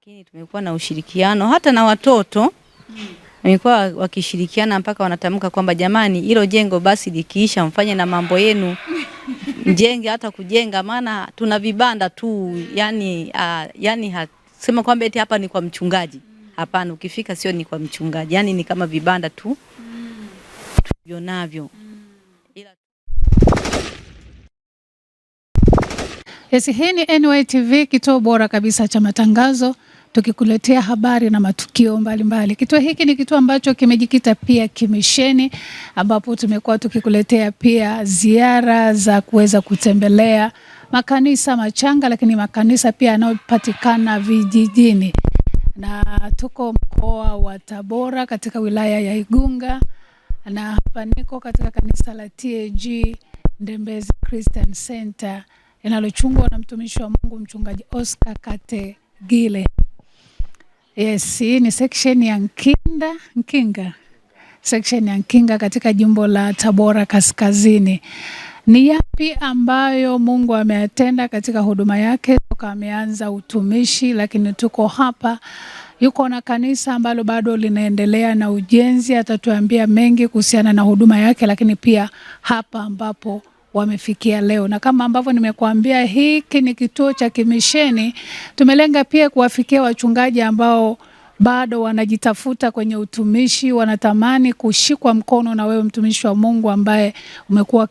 lakini tumekuwa na ushirikiano hata na watoto wamekuwa wakishirikiana mpaka wanatamka kwamba jamani, hilo jengo basi likiisha mfanye na mambo yenu mjenge hata kujenga, maana tuna vibanda tu yani, uh, yani sema kwamba eti hapa ni kwa mchungaji. Hapana, ukifika sio ni kwa mchungaji, yani ni kama vibanda tu mm. Yes, hii ni NY TV, kituo bora kabisa cha matangazo tukikuletea habari na matukio mbalimbali Kituo hiki ni kituo ambacho kimejikita pia kimisheni, ambapo tumekuwa tukikuletea pia ziara za kuweza kutembelea makanisa machanga, lakini makanisa pia yanayopatikana vijijini, na tuko mkoa wa Tabora katika wilaya ya Igunga, na hapa niko katika kanisa la TAG Ndembezi Christian Center linalochungwa na mtumishi wa Mungu mchungaji Oscar Kate Gile. Yes, hii ni section ya Nkinda, Nkinga section ya Nkinga katika jimbo la Tabora Kaskazini. Ni yapi ambayo Mungu ameyatenda katika huduma yake toka ameanza utumishi, lakini tuko hapa yuko na kanisa ambalo bado linaendelea na ujenzi. Atatuambia mengi kuhusiana na huduma yake, lakini pia hapa ambapo wamefikia leo, na kama ambavyo nimekuambia, hiki ni kituo cha kimisheni. Tumelenga pia kuwafikia wachungaji ambao bado wanajitafuta kwenye utumishi, wanatamani kushikwa mkono na wewe mtumishi wa Mungu ambaye umekuwa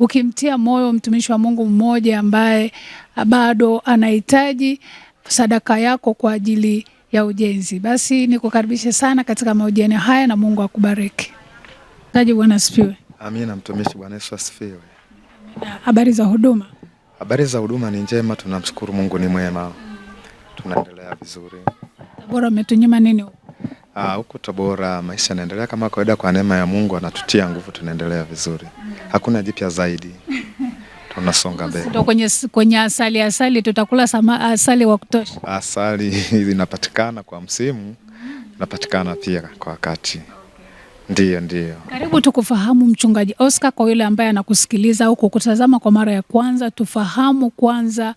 ukimtia moyo mtumishi wa Mungu mmoja ambaye bado anahitaji sadaka yako kwa ajili ya ujenzi. Basi nikukaribishe sana katika mahojiano haya na Mungu akubariki. Bwana asifiwe. Amina mtumishi, Bwana Yesu asifiwe. Habari za huduma? Habari za huduma ni njema, tunamshukuru Mungu ni mwema, tunaendelea vizuri. Tabora umetunyima nini Ah, huko Tabora maisha yanaendelea kama kawaida, kwa neema ya Mungu anatutia nguvu, tunaendelea vizuri, hakuna jipya zaidi tunasonga mbele. Ndio kwenye, kwenye asali asali tutakula sama, asali wa kutosha. Asali inapatikana kwa msimu, inapatikana pia kwa wakati. Ndiyo, ndiyo. Karibu tukufahamu Mchungaji Oscar, kwa yule ambaye anakusikiliza au kukutazama kwa mara ya kwanza, tufahamu kwanza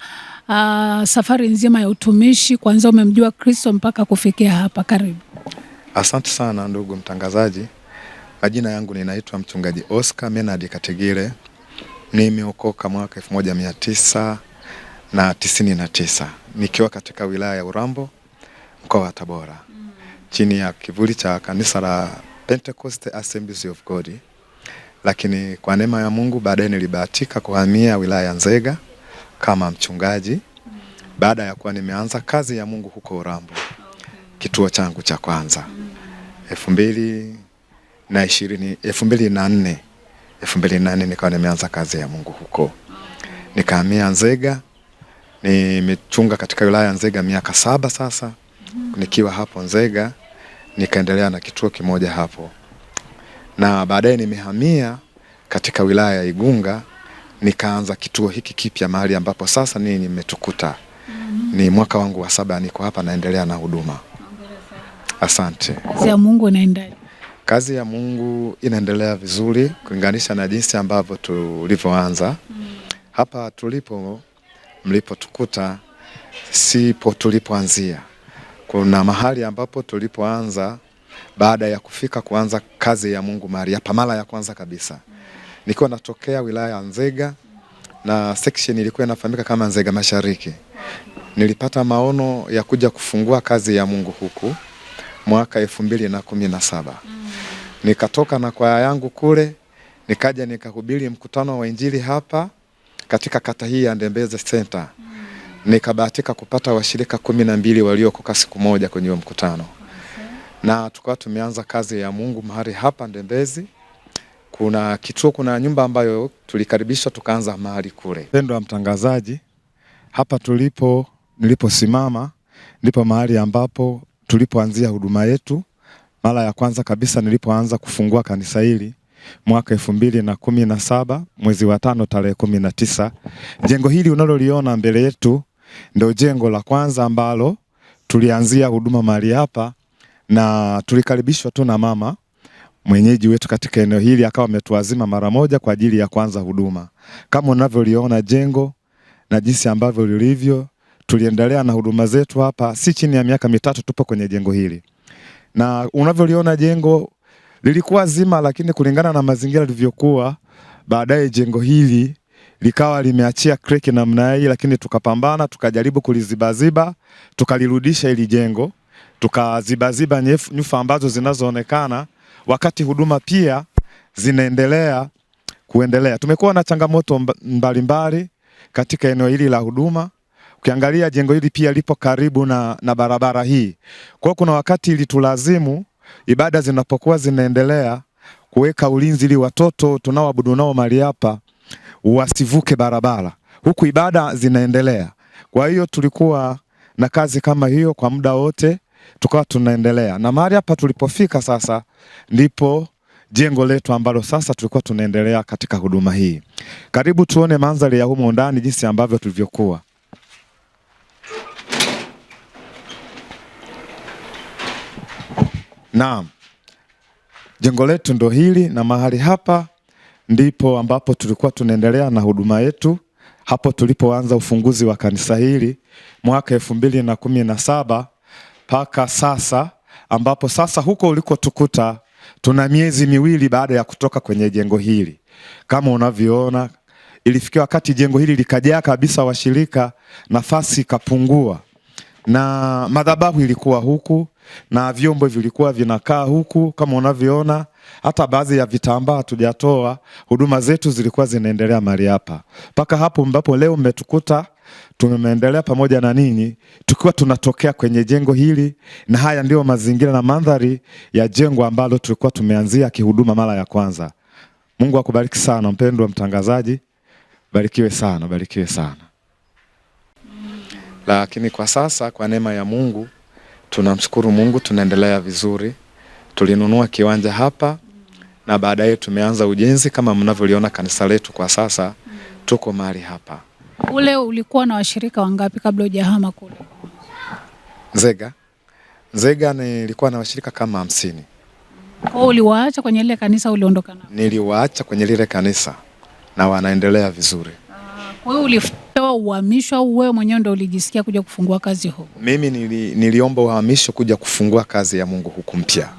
uh, safari nzima ya utumishi, kwanza umemjua Kristo mpaka kufikia hapa. Karibu. Asante sana ndugu mtangazaji, majina yangu ninaitwa Mchungaji Oscar menad Kategire, nimeokoka mwaka elfu moja mia tisa na tisini na tisa nikiwa katika wilaya ya Urambo mkoa wa Tabora, mm, chini ya kivuli cha kanisa la Pentecost Assemblies of God, lakini kwa neema ya Mungu baadaye nilibahatika kuhamia wilaya ya Nzega kama mchungaji baada ya kuwa nimeanza kazi ya Mungu huko Urambo, kituo changu cha kwanza elfu mbili na ishirini elfu mbili na nne elfu mbili na nne nikawa nimeanza kazi ya Mungu huko, nikahamia Nzega. Nimechunga katika wilaya ya Nzega miaka saba sasa, nikiwa hapo Nzega nikaendelea na kituo kimoja hapo, na baadaye nimehamia katika wilaya ya Igunga nikaanza kituo hiki kipya mahali ambapo sasa nini nimetukuta. mm -hmm. Ni mwaka wangu wa saba, niko hapa naendelea na huduma. Asante. Kazi ya Mungu inaendelea, kazi ya Mungu inaendelea vizuri kulinganisha na jinsi ambavyo tulivyoanza. mm -hmm. Hapa tulipo mlipotukuta sipo tulipoanzia. Kuna mahali ambapo tulipoanza baada ya kufika kuanza kazi ya Mungu mahali hapa mara ya kwanza kabisa, nikiwa natokea wilaya ya Nzega na section ilikuwa inafahamika kama Nzega Mashariki. Nilipata maono ya kuja kufungua kazi ya Mungu huku mwaka elfu mbili na kumi na saba nikatoka na kwaya yangu kule, nikaja nikahubiri mkutano wa injili hapa katika kata hii ya Ndembeze Center nikabahatika kupata washirika kumi na mbili waliokoka siku moja kwenye huo mkutano na tukawa tumeanza kazi ya Mungu mahali hapa Ndembezi. Kuna kituo, kuna nyumba ambayo tulikaribishwa tukaanza mahali kule. Pendo wa mtangazaji, hapa tulipo, niliposimama ndipo mahali ambapo tulipoanzia huduma yetu mara ya kwanza kabisa, nilipoanza kufungua kanisa hili mwaka elfu mbili na kumi na saba mwezi wa tano tarehe kumi na tisa. Jengo hili unaloliona mbele yetu ndio jengo la kwanza ambalo tulianzia huduma mahali hapa, na tulikaribishwa tu na mama mwenyeji wetu katika eneo hili, akawa ametuazima mara moja kwa ajili ya kwanza huduma. Kama unavyoliona jengo na jinsi ambavyo lilivyo, tuliendelea na huduma zetu hapa, si chini ya miaka mitatu tupo kwenye jengo hili, na unavyoliona jengo lilikuwa zima, lakini kulingana na mazingira lilivyokuwa, baadaye jengo hili likawa limeachia kreki namna hii, lakini tukapambana, tukajaribu kulizibaziba, tukalirudisha ili jengo, tukazibaziba nyufa ambazo zinazoonekana, wakati huduma pia zinaendelea kuendelea. Tumekuwa na changamoto mbalimbali mbali katika eneo hili la huduma. Ukiangalia jengo hili pia lipo karibu na, na barabara hii, kwa kuna wakati ilitulazimu ibada zinapokuwa zinaendelea kuweka ulinzi ili watoto tunaoabudu nao mali hapa wasivuke barabara, huku ibada zinaendelea. Kwa hiyo tulikuwa na kazi kama hiyo kwa muda wote, tukawa tunaendelea na mahali hapa tulipofika sasa, ndipo jengo letu ambalo sasa tulikuwa tunaendelea katika huduma hii. Karibu tuone mandhari ya humo ndani jinsi ambavyo tulivyokuwa. Naam, jengo letu ndo hili na mahali hapa ndipo ambapo tulikuwa tunaendelea na huduma yetu hapo tulipoanza ufunguzi wa kanisa hili mwaka elfu mbili na kumi na saba mpaka sasa, ambapo sasa huko ulikotukuta tuna miezi miwili baada ya kutoka kwenye jengo hili. Kama unavyoona, ilifikia wakati jengo hili likajaa kabisa washirika, nafasi ikapungua na madhabahu ilikuwa huku na vyombo vilikuwa vinakaa huku kama unavyoona, hata baadhi ya vitambaa hatujatoa. Huduma zetu zilikuwa zinaendelea mahali hapa mpaka hapo ambapo leo mmetukuta tumeendelea pamoja na ninyi tukiwa tunatokea kwenye jengo hili, na haya ndiyo mazingira na mandhari ya jengo ambalo tulikuwa tumeanzia kihuduma mara ya kwanza. Mungu akubariki sana mpendwa mtangazaji, barikiwe sana, barikiwe sana. Lakini kwa sasa kwa neema ya Mungu Tunamshukuru Mungu, tunaendelea vizuri. Tulinunua kiwanja hapa na baadaye tumeanza ujenzi kama mnavyoliona kanisa letu kwa sasa, tuko mahali hapa. Ule ulikuwa na washirika wangapi kabla hujahama kule Nzega? Nzega nilikuwa na washirika kama hamsini. Kwa uliwaacha kwenye lile kanisa, uliondoka nao? Niliwaacha kwenye lile kanisa na wanaendelea vizuri. Wewe ulipewa uhamisho au wewe mwenyewe ndio ulijisikia kuja kufungua kazi huko? Mimi nili, niliomba uhamisho kuja kufungua kazi ya Mungu huku mpya.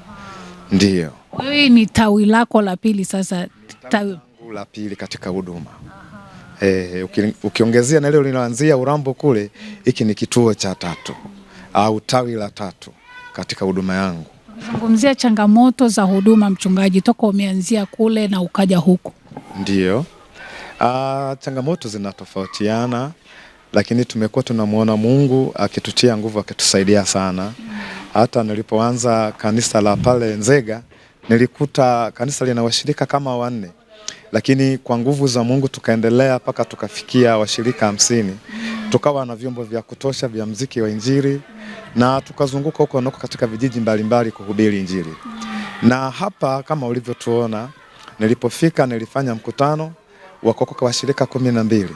ndio Wewe ni tawi lako la pili sasa, tawi la pili katika huduma. Eh, ukiongezea na leo linaanzia Urambo kule, hiki ni kituo cha tatu au tawi la tatu katika huduma yangu. Zungumzia changamoto za huduma mchungaji, toka umeanzia kule na ukaja huku. ndio Ah, changamoto zinatofautiana, lakini tumekuwa tunamwona Mungu akitutia nguvu, akitusaidia sana. Hata nilipoanza kanisa la pale Nzega nilikuta kanisa lina washirika kama wanne, lakini kwa nguvu za Mungu tukaendelea mpaka tukafikia washirika hamsini. Tukawa na vyombo vya kutosha vya mziki wa Injili na tukazunguka huko nako katika vijiji mbalimbali kuhubiri Injili. Na hapa kama ulivyotuona, nilipofika nilifanya mkutano wakokoka kwa washirika kumi na mbili.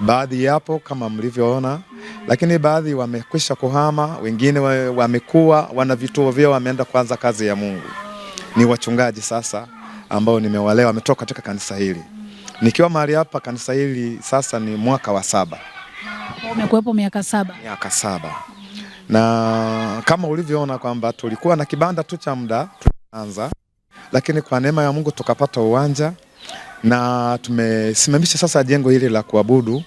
Baadhi yapo kama mlivyoona, lakini baadhi wamekwisha kuhama, wengine wamekuwa wana vituo vyao, wameenda kuanza kazi ya Mungu. Ni wachungaji sasa ambao nimewalea, wametoka katika kanisa hili. Nikiwa mahali hapa kanisa hili sasa ni mwaka wa saba. Umekuwepo miaka saba? Miaka saba, na kama ulivyoona kwamba tulikuwa na kibanda tu cha muda tuanza, lakini kwa neema ya Mungu tukapata uwanja na tumesimamisha sasa jengo hili la kuabudu,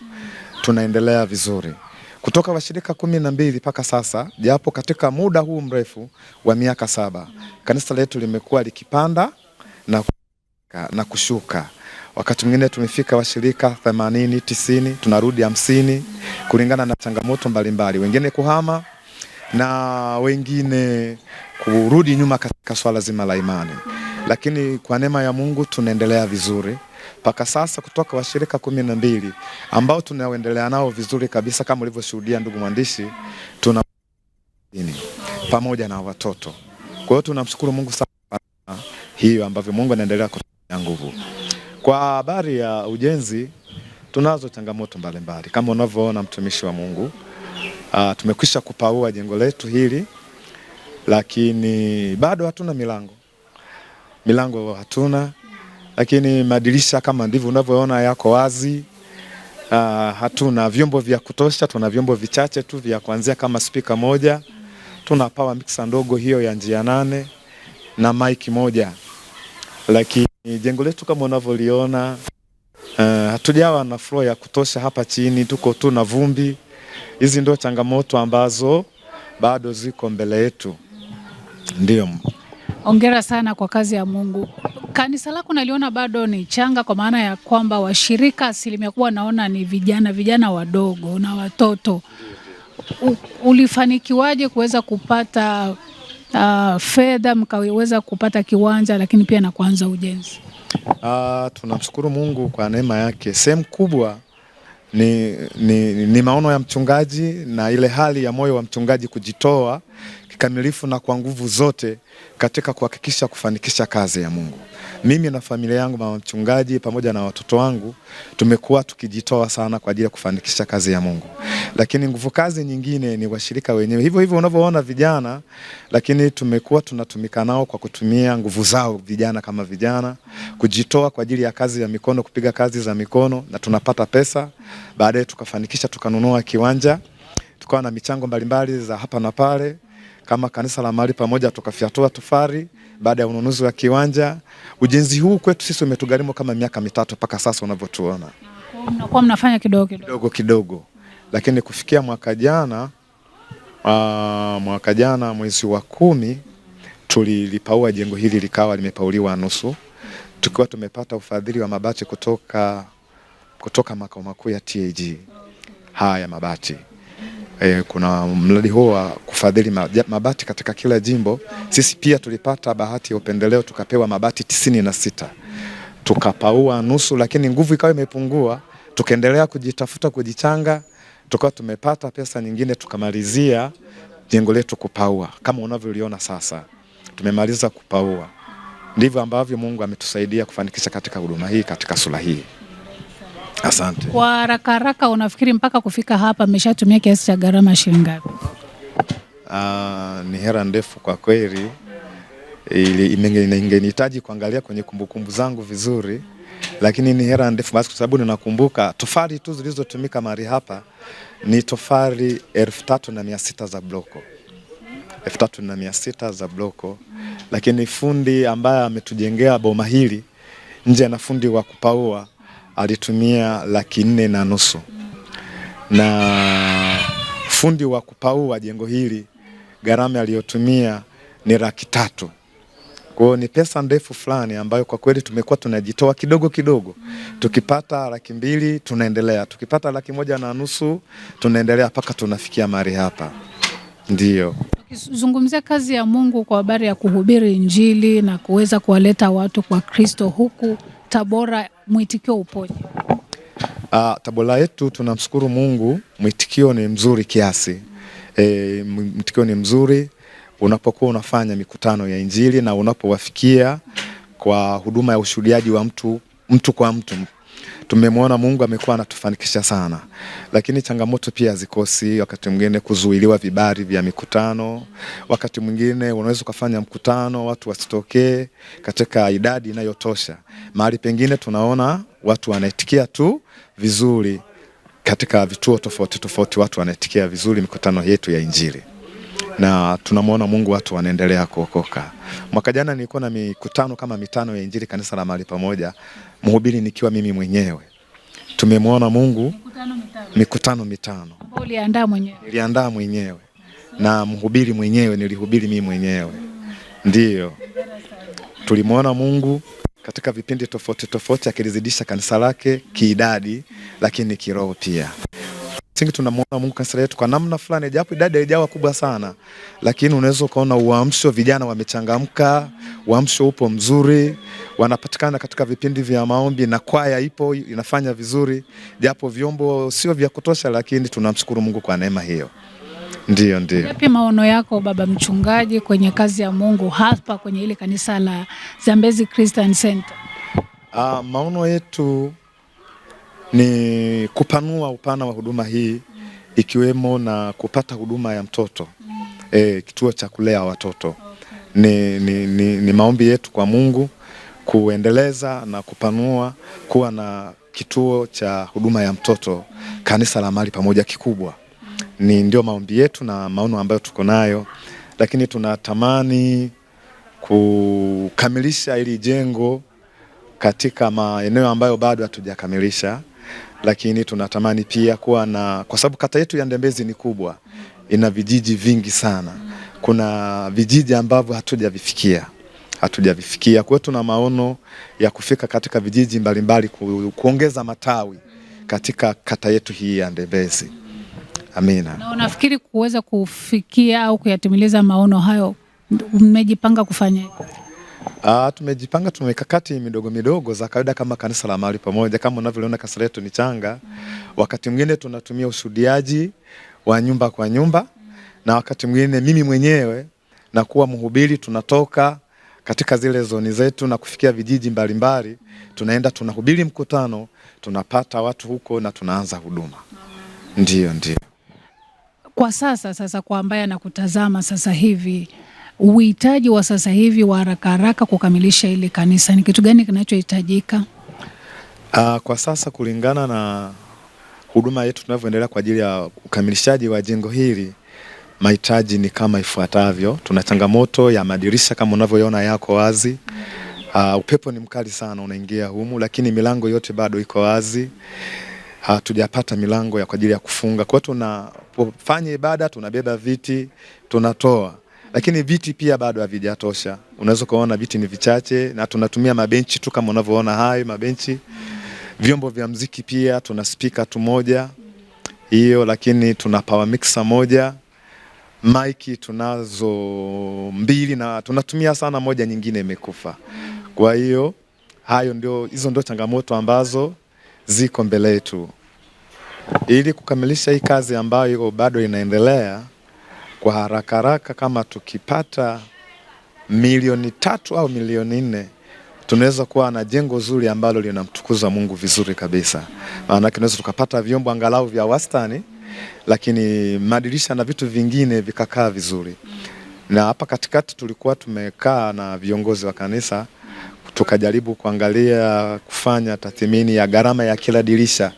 tunaendelea vizuri kutoka washirika kumi na mbili mpaka sasa, japo katika muda huu mrefu wa miaka saba kanisa letu limekuwa likipanda na, na kushuka. Wakati mwingine tumefika washirika themanini, tisini, tunarudi hamsini kulingana na changamoto mbalimbali, wengine kuhama na wengine kurudi nyuma katika swala zima la imani, lakini kwa neema ya Mungu tunaendelea vizuri mpaka sasa kutoka washirika kumi na mbili ambao tunaendelea nao vizuri kabisa kama ulivyoshuhudia ndugu mwandishi, tuna pamoja na watoto. Kwa hiyo tunamshukuru Mungu sana hiyo ambavyo Mungu anaendelea kutupa nguvu. Kwa habari ya ujenzi, tunazo changamoto mbalimbali kama unavyoona mtumishi wa Mungu. Uh, tumekwisha kupaua jengo letu hili lakini bado hatuna milango, milango hatuna lakini madirisha kama ndivyo unavyoona yako wazi. Uh, hatuna vyombo vya kutosha, tuna vyombo vichache tu vya kuanzia kama spika moja, tuna power mixer ndogo hiyo ya njia nane na mic moja, lakini jengo letu kama unavyoliona uh, hatujawa na floor ya kutosha hapa chini, tuko tu na vumbi. Hizi ndio changamoto ambazo bado ziko mbele yetu. Ndio. Hongera sana kwa kazi ya Mungu. Kanisa lako naliona bado ni changa, kwa maana ya kwamba washirika asilimia kubwa naona ni vijana vijana wadogo na watoto. U, ulifanikiwaje kuweza kupata uh, fedha mkaweza kupata kiwanja lakini pia na kuanza ujenzi? Uh, tunamshukuru Mungu kwa neema yake. Sehemu kubwa ni, ni, ni maono ya mchungaji na ile hali ya moyo wa mchungaji kujitoa kikamilifu na kwa nguvu zote katika kuhakikisha kufanikisha kazi ya Mungu. Mimi na familia yangu, mama mchungaji, pamoja na watoto wangu tumekuwa tukijitoa sana kwa ajili ya kufanikisha kazi ya Mungu, lakini nguvu kazi nyingine ni washirika wenyewe, hivyo hivyo unavyoona vijana, lakini tumekuwa tunatumika nao kwa kutumia nguvu zao vijana, kama vijana kujitoa kwa ajili ya kazi ya mikono, kupiga kazi za mikono na tunapata pesa, baadaye tukafanikisha tukanunua kiwanja, tukawa na michango mbalimbali za hapa na pale kama kanisa la mahali pamoja tukafyatua tufari baada ya ununuzi wa kiwanja. Ujenzi huu kwetu sisi umetugharimu kama miaka mitatu mpaka sasa unavyotuona. Mnakuwa mnafanya kidogo kidogo, kidogo, kidogo. Lakini kufikia mwaka jana uh, mwaka jana mwezi wa kumi tulilipaua jengo hili likawa limepauliwa nusu tukiwa tumepata ufadhili wa mabati kutoka, kutoka makao makuu ya TAG haya mabati E, kuna mradi huo wa kufadhili mabati katika kila jimbo. Sisi pia tulipata bahati ya upendeleo tukapewa mabati tisini na sita tukapaua nusu, lakini nguvu ikawa imepungua, tukaendelea kujitafuta, kujichanga, tukawa tumepata pesa nyingine, tukamalizia jengo letu kupaua kama unavyoliona sasa. Tumemaliza kupaua, ndivyo ambavyo Mungu ametusaidia kufanikisha katika huduma hii katika sura hii. Asante. Kwa haraka haraka, unafikiri mpaka kufika hapa mmeshatumia kiasi cha gharama shilingi ngapi? Uh, ni hera ndefu kwa kweli, ingenihitaji kuangalia kwenye kumbukumbu zangu vizuri, lakini ni hera ndefu basi, kwa sababu ninakumbuka tofali tu zilizotumika mahali hapa ni tofali elfu tatu na mia sita za bloko elfu tatu na mia sita za bloko, lakini fundi ambaye ametujengea boma hili nje na fundi wa kupaua alitumia laki nne na nusu na fundi wa kupaua jengo hili gharama aliyotumia ni laki tatu. Kwao ni pesa ndefu fulani ambayo kwa kweli tumekuwa tunajitoa kidogo kidogo, tukipata laki mbili tunaendelea, tukipata laki moja na nusu tunaendelea mpaka tunafikia mahali hapa. ndio tukizungumzia kazi ya Mungu kwa habari ya kuhubiri Injili na kuweza kuwaleta watu kwa Kristo huku Tabora mwitikio upoje? Uh, Tabora yetu tunamshukuru Mungu, mwitikio ni mzuri kiasi. E, mwitikio ni mzuri unapokuwa unafanya mikutano ya Injili na unapowafikia kwa huduma ya ushuhudiaji wa mtu mtu kwa mtu, tumemwona Mungu amekuwa anatufanikisha sana, lakini changamoto pia hazikosi. Wakati mwingine kuzuiliwa vibali vya mikutano, wakati mwingine unaweza ukafanya mkutano watu wasitokee katika idadi inayotosha. Mahali pengine tunaona watu wanaitikia tu vizuri katika vituo tofauti tofauti, watu wanaitikia vizuri mikutano yetu ya Injili na tunamwona Mungu watu wanaendelea kuokoka. Mwaka jana nilikuwa na mikutano kama mitano ya Injili kanisa la mahali pamoja, mhubiri nikiwa mimi mwenyewe. Tumemwona Mungu mikutano mitano, Uliandaa mwenyewe? Niliandaa mwenyewe na mhubiri mwenyewe, nilihubiri mimi mwenyewe. Ndiyo tulimwona Mungu katika vipindi tofauti tofauti, akilizidisha kanisa lake kiidadi, lakini kiroho pia. Singi tunamwona Mungu kanisa letu kwa namna fulani, japo idadi haijawa kubwa sana, lakini unaweza ukaona uamsho, vijana wamechangamka, uamsho upo mzuri, wanapatikana katika vipindi vya maombi na kwaya ipo inafanya vizuri, japo vyombo sio vya kutosha, lakini tunamshukuru Mungu kwa neema hiyo. Ndio, ndio. Yapi maono yako baba mchungaji kwenye kazi ya Mungu hapa kwenye ile kanisa la Zambezi Christian Center? Ah, maono yetu ni kupanua upana wa huduma hii ikiwemo na kupata huduma ya mtoto e, kituo cha kulea watoto. Ni, ni, ni, ni maombi yetu kwa Mungu kuendeleza na kupanua kuwa na kituo cha huduma ya mtoto kanisa la mali pamoja kikubwa. Ni ndio maombi yetu na maono ambayo tuko nayo, lakini tunatamani kukamilisha hili jengo katika maeneo ambayo bado hatujakamilisha lakini tunatamani pia kuwa na, kwa sababu kata yetu ya Ndembezi ni kubwa, ina vijiji vingi sana. Kuna vijiji ambavyo hatujavifikia hatujavifikia. Kwa hiyo tuna maono ya kufika katika vijiji mbalimbali mbali, kuongeza matawi katika kata yetu hii ya Ndembezi. Amina. Na unafikiri kuweza kufikia au kuyatimiliza maono hayo mmejipanga kufanya Ah, tumejipanga tumekakati midogo midogo za kawaida kama kanisa la mahali pamoja. Kama unavyoona kanisa letu ni changa, wakati mwingine tunatumia ushuhudiaji wa nyumba kwa nyumba, na wakati mwingine mimi mwenyewe na kuwa mhubiri, tunatoka katika zile zoni zetu na kufikia vijiji mbalimbali, tunaenda tunahubiri mkutano, tunapata watu huko na tunaanza huduma. Ndio, ndio kwa sasa. Sasa kwa ambaye anakutazama sasa hivi uhitaji wa sasa hivi wa haraka haraka kukamilisha ile kanisa, ni kitu gani kinachohitajika? Uh, kwa sasa kulingana na huduma yetu tunavyoendelea kwa ajili ya ukamilishaji wa jengo hili, mahitaji ni kama ifuatavyo. Tuna changamoto ya madirisha kama unavyoona yako wazi. Uh, upepo ni mkali sana unaingia humu, lakini milango yote bado iko wazi. Hatujapata uh, milango ya kwa ajili ya kufunga. Kwa hiyo tunapofanya ibada tunabeba viti tunatoa lakini viti pia bado havijatosha. Unaweza kuona viti ni vichache, na tunatumia mabenchi tu kama unavyoona hayo mabenchi. Vyombo vya mziki pia tuna spika tu moja hiyo, lakini tuna power mixer moja, maiki tunazo mbili, na tunatumia sana, moja nyingine imekufa. Kwa hiyo hayo ndio, hizo ndio changamoto ambazo ziko mbele yetu ili kukamilisha hii kazi ambayo bado inaendelea kwa haraka haraka, kama tukipata milioni tatu au milioni nne tunaweza kuwa na jengo zuri ambalo linamtukuza Mungu vizuri kabisa. Maana tunaweza tukapata vyombo angalau vya wastani, lakini madirisha na vitu vingine vikakaa vizuri. Na hapa katikati tulikuwa tumekaa na viongozi wa kanisa tukajaribu kuangalia kufanya tathmini ya gharama ya kila dirisha,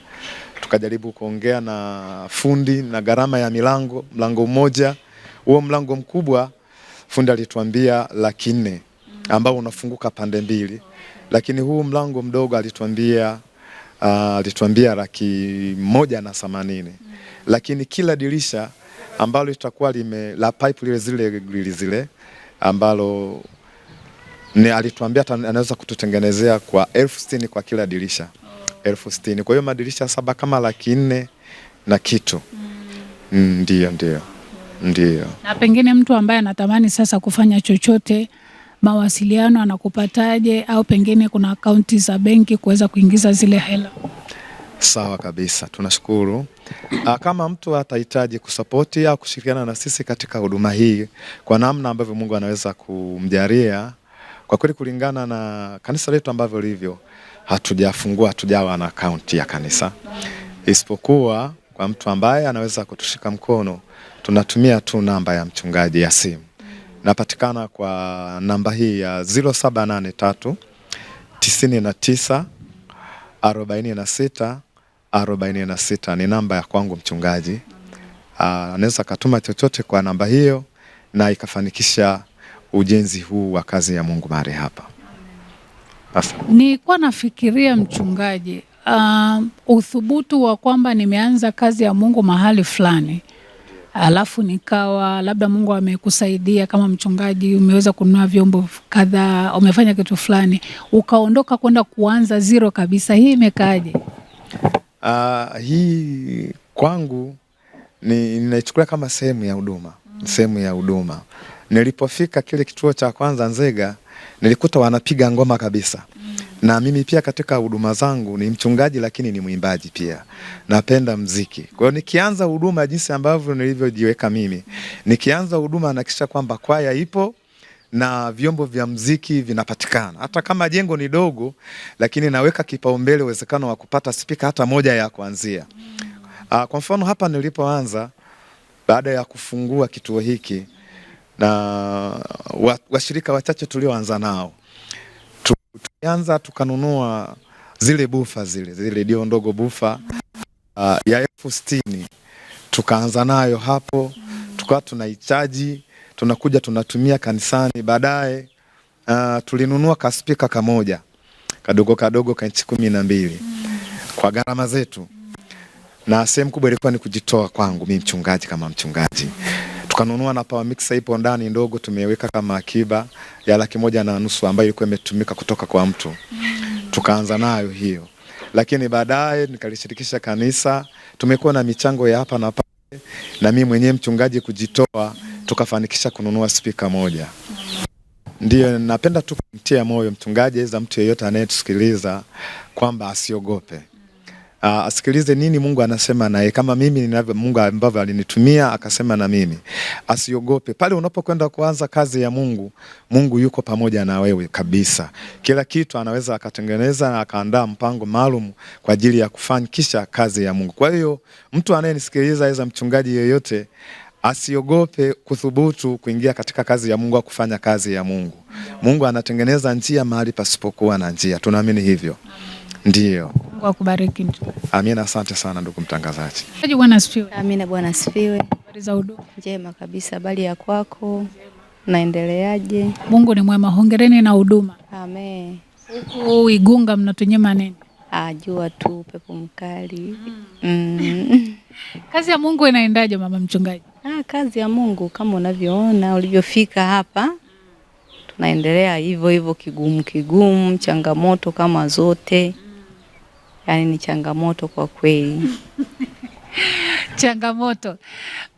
tukajaribu kuongea na fundi na gharama ya milango mlango mmoja huo mlango mkubwa fundi alituambia laki nne mm. ambao unafunguka pande mbili, lakini huu mlango mdogo alituambia uh, alituambia laki moja na themanini, mm. lakini kila dirisha ambalo litakuwa lime la pipe lile zile grili zile ambalo ni alituambia anaweza kututengenezea kwa elfu sitini kwa kila dirisha oh. elfu sitini. Kwa hiyo madirisha saba kama laki nne na kitu. Mm. Ndiyo, ndiyo. Ndiyo. Na pengine mtu ambaye anatamani sasa kufanya chochote, mawasiliano anakupataje? Au pengine kuna akaunti za benki kuweza kuingiza zile hela? Sawa kabisa, tunashukuru. Ah, kama mtu atahitaji kusapoti au kushirikiana na sisi katika huduma hii kwa namna ambavyo Mungu anaweza kumjalia, kwa kweli, kulingana na kanisa letu ambavyo lilivyo, hatujafungua hatujawa na akaunti ya kanisa, isipokuwa kwa mtu ambaye anaweza kutushika mkono tunatumia tu namba ya mchungaji ya simu. Napatikana kwa namba hii ya 0783 ni namba ya kwangu mchungaji. Ah, anaweza akatuma chochote kwa namba hiyo na ikafanikisha ujenzi huu wa kazi ya Mungu mahali hapa. Nilikuwa nafikiria mchungaji, uh, uthubutu wa kwamba nimeanza kazi ya Mungu mahali fulani alafu nikawa labda Mungu amekusaidia kama mchungaji, umeweza kununua vyombo kadhaa, umefanya kitu fulani, ukaondoka kwenda kuanza zero kabisa. Hii imekaaje? Uh, hii kwangu ni ninaichukulia kama sehemu ya huduma, sehemu ya huduma. Nilipofika kile kituo cha kwanza Nzega nilikuta wanapiga ngoma kabisa Na mimi pia katika huduma zangu ni mchungaji lakini ni mwimbaji pia, napenda mziki. Kwa hiyo nikianza huduma, jinsi ambavyo nilivyojiweka mimi, nikianza huduma nahakikisha kwamba kwaya ipo na vyombo vya mziki vinapatikana, hata kama jengo ni dogo, lakini naweka kipaumbele uwezekano wa kupata spika hata moja ya kuanzia. Ah, kwa mfano hapa nilipoanza, baada ya kufungua kituo hiki na washirika wachache tulioanza nao, tulianza tukanunua zile bufa zile zile dio ndogo bufa uh, ya elfu sitini tukaanza nayo hapo, tukawa tunaichaji tunakuja tunatumia kanisani. Baadaye uh, tulinunua kaspika kamoja kadogo kadogo ka inchi kumi na mbili kwa gharama zetu, na sehemu kubwa ilikuwa ni kujitoa kwangu mi mchungaji kama mchungaji tukanunua na power mixer ipo ndani ndogo, tumeweka kama akiba ya laki moja na nusu ambayo ilikuwa imetumika kutoka kwa mtu mm. Tukaanza nayo hiyo, lakini baadaye nikalishirikisha kanisa. Tumekuwa na michango ya hapa na pale, na mimi mwenyewe mchungaji kujitoa, tukafanikisha kununua spika moja. Ndiyo, napenda tu kumtia moyo mchungaji za mtu yeyote anayetusikiliza kwamba asiogope uh, asikilize nini Mungu anasema naye, kama mimi ninavyo Mungu ambavyo alinitumia akasema na mimi. Asiogope pale unapokwenda kuanza kazi ya Mungu. Mungu yuko pamoja na wewe kabisa, kila kitu anaweza akatengeneza na akaandaa mpango maalum kwa ajili ya kufanikisha kazi ya Mungu. Kwa hiyo mtu anayenisikiliza, aidha mchungaji yeyote asiogope kuthubutu kuingia katika kazi ya Mungu au kufanya kazi ya Mungu. Mungu anatengeneza njia mahali pasipokuwa na njia, tunaamini hivyo, ndiyo. Mungu akubariki Amina, asante sana ndugu mtangazaji. Bwana asifiwe. Amina, Bwana asifiwe. Habari za huduma? Njema kabisa, habari ya kwako? Naendeleaje? Mungu ni mwema, hongereni na huduma. Amen. Huku Igunga mnatunyema nini? Ah, jua tu pepo mkali. Mm. Mm. Kazi ya Mungu inaendaje mama mchungaji? Ah, kazi ya Mungu kama unavyoona ulivyofika hapa tunaendelea hivyo hivyo, kigumu kigumu, changamoto kama zote yani ni changamoto kwa kweli. Changamoto.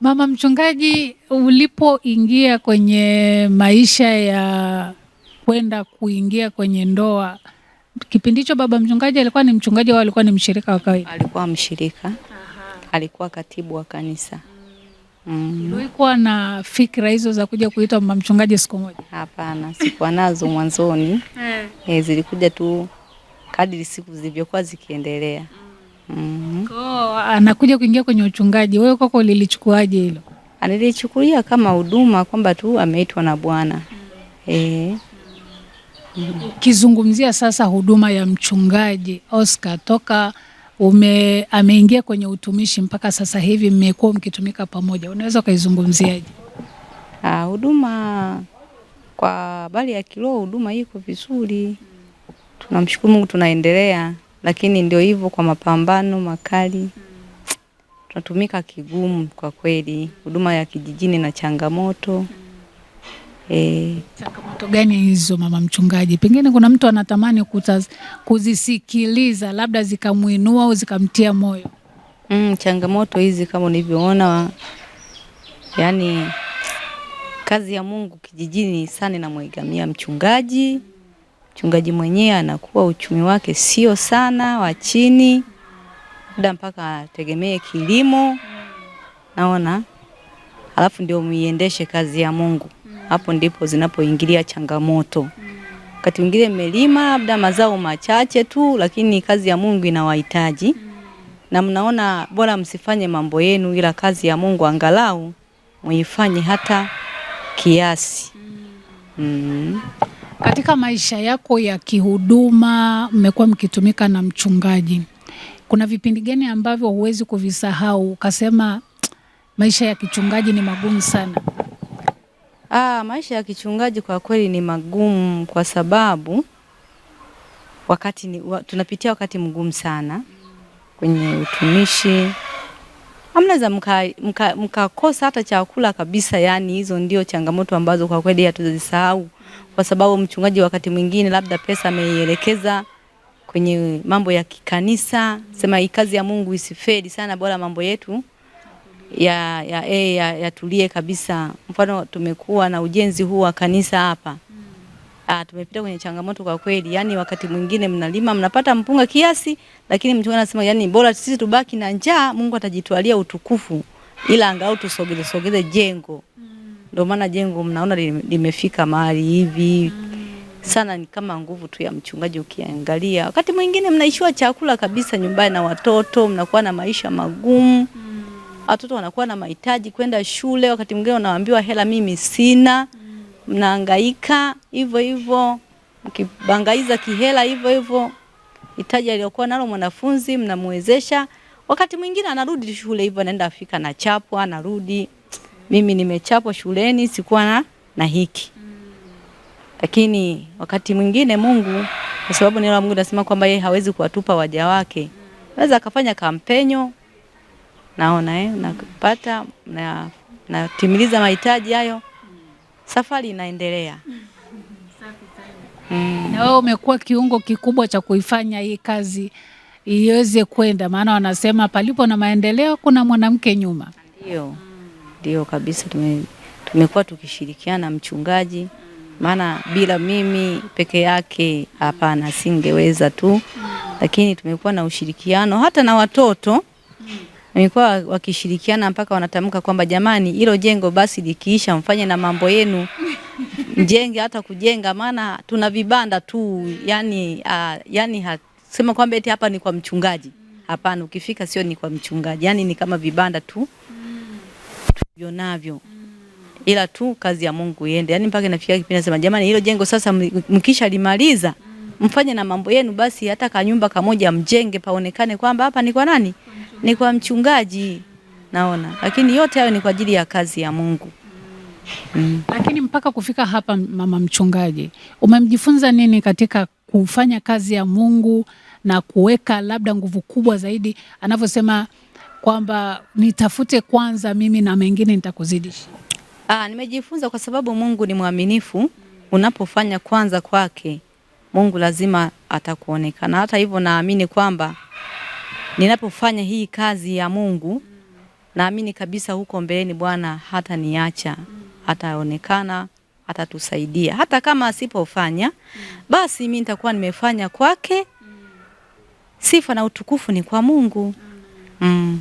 Mama mchungaji, ulipoingia kwenye maisha ya kwenda kuingia kwenye ndoa, kipindi hicho baba mchungaji alikuwa ni mchungaji au alikuwa ni mshirika wa kawaida? Alikuwa mshirika. Aha. Alikuwa katibu wa kanisa. Mm. mm. Ulikuwa na fikra hizo za kuja kuitwa mama mchungaji siku moja? Hapana, sikuwa nazo mwanzoni. Eh. eh, zilikuja tu kadiri siku zilivyokuwa zikiendelea. mm -hmm. Oh, anakuja kuingia kwenye uchungaji, wewe kwako ulilichukuaje hilo? Nilichukulia kama huduma kwamba tu ameitwa na Bwana. mm -hmm. Eh. Ukizungumzia mm -hmm. sasa huduma ya mchungaji Oscar toka ume ameingia kwenye utumishi mpaka sasa hivi mmekuwa mkitumika pamoja, unaweza ukaizungumziaje? Ah, huduma kwa habari ya kiroho, huduma iko vizuri tunamshukuru Mungu, tunaendelea, lakini ndio hivyo, kwa mapambano makali tunatumika kigumu kwa kweli. Huduma ya kijijini na changamoto E, changamoto gani hizo mama mchungaji? Pengine kuna mtu anatamani kutaz, kuzisikiliza labda zikamwinua au zikamtia moyo. Mm, changamoto hizi kama univyoona, yani kazi ya Mungu kijijini sana inamwegamia mchungaji mchungaji mwenyewe anakuwa uchumi wake sio sana wa chini, labda mpaka ategemee kilimo, naona alafu ndio muiendeshe kazi ya Mungu. Hapo ndipo zinapoingilia changamoto. Wakati mwingine mmelima labda mazao machache tu, lakini kazi ya Mungu inawahitaji na mnaona bora msifanye mambo yenu, ila kazi ya Mungu angalau muifanye hata kiasi. Mm. Katika maisha yako ya kihuduma mmekuwa mkitumika na mchungaji, kuna vipindi gani ambavyo huwezi kuvisahau ukasema maisha ya kichungaji ni magumu sana? Aa, ah, maisha ya kichungaji kwa kweli ni magumu kwa sababu wakati ni, wa, tunapitia wakati mgumu sana kwenye utumishi hamnaweza mkakosa hata chakula kabisa. Yani hizo ndio changamoto ambazo kwa kweli hatuzisahau kwa sababu mchungaji wakati mwingine labda pesa ameielekeza kwenye mambo ya kikanisa. Sema hii kazi ya Mungu isifedi sana, bora mambo yetu ya ya e, yatulie ya kabisa. Mfano tumekuwa na ujenzi huu wa kanisa hapa Ah, tumepita kwenye changamoto kwa kweli. Yaani wakati mwingine mnalima mnapata mpunga kiasi, lakini mtu anasema yani bora sisi tubaki na njaa, Mungu atajitwalia utukufu, ila angalau tusogeze sogeze jengo. Ndio maana jengo mnaona limefika mahali hivi sana, ni kama nguvu tu ya mchungaji. Ukiangalia wakati mwingine mnaishiwa chakula kabisa nyumbani na watoto, mnakuwa na maisha magumu, watoto wanakuwa na mahitaji kwenda shule, wakati mwingine unaambiwa hela mimi sina, mnahangaika hivyo hivyo, mkibangaiza kihela hivyo hivyo. Hitaji aliyokuwa nalo mwanafunzi mnamwezesha, wakati mwingine anarudi shule hivyo, anaenda afika na chapwa, anarudi mimi nimechapwa shuleni, sikuwa na, na hiki Lakini wakati mwingine Mungu, kwa sababu neno la Mungu nasema kwamba yeye hawezi kuwatupa waja wake, naweza akafanya kampenyo, naona eh, napata na natimiliza mahitaji hayo, safari inaendelea. Mm. Na wewe umekuwa kiungo kikubwa cha kuifanya hii kazi iweze kwenda, maana wanasema palipo na maendeleo kuna mwanamke nyuma. Ndio. Ndio kabisa, tume, tumekuwa tukishirikiana mchungaji, maana bila mimi peke yake hapana, singeweza tu, lakini tumekuwa na ushirikiano hata na watoto wamekuwa wakishirikiana mpaka wanatamka kwamba jamani, hilo jengo basi likiisha mfanye na mambo yenu, mjenge hata kujenga, maana tuna vibanda tu yani, uh, yani sema kwamba eti hapa ni kwa mchungaji. Hapana, ukifika sio ni kwa mchungaji, yani ni kama vibanda tu vionavyo ila tu kazi ya Mungu iende. Yani mpaka inafikia kipindi nasema jamani, hilo jengo sasa mkishalimaliza mfanye na mambo yenu basi, hata kanyumba kamoja mjenge, paonekane kwamba hapa ni kwa nani, ni kwa mchungaji naona. Lakini yote hayo ni kwa ajili ya kazi ya Mungu. Mm. Lakini mpaka kufika hapa, mama mchungaji, umemjifunza nini katika kufanya kazi ya Mungu na kuweka labda nguvu kubwa zaidi anavyosema kwamba nitafute kwanza mimi na mengine nitakuzidisha? Ah, nimejifunza kwa sababu Mungu ni mwaminifu. Unapofanya kwanza kwake, Mungu lazima atakuonekana. Hata hivyo, naamini kwamba ninapofanya hii kazi ya Mungu, naamini kabisa huko mbeleni Bwana hata niacha, ataonekana, atatusaidia. Hata kama asipofanya, basi mimi nitakuwa nimefanya kwake. Sifa na utukufu ni kwa Mungu. Mm.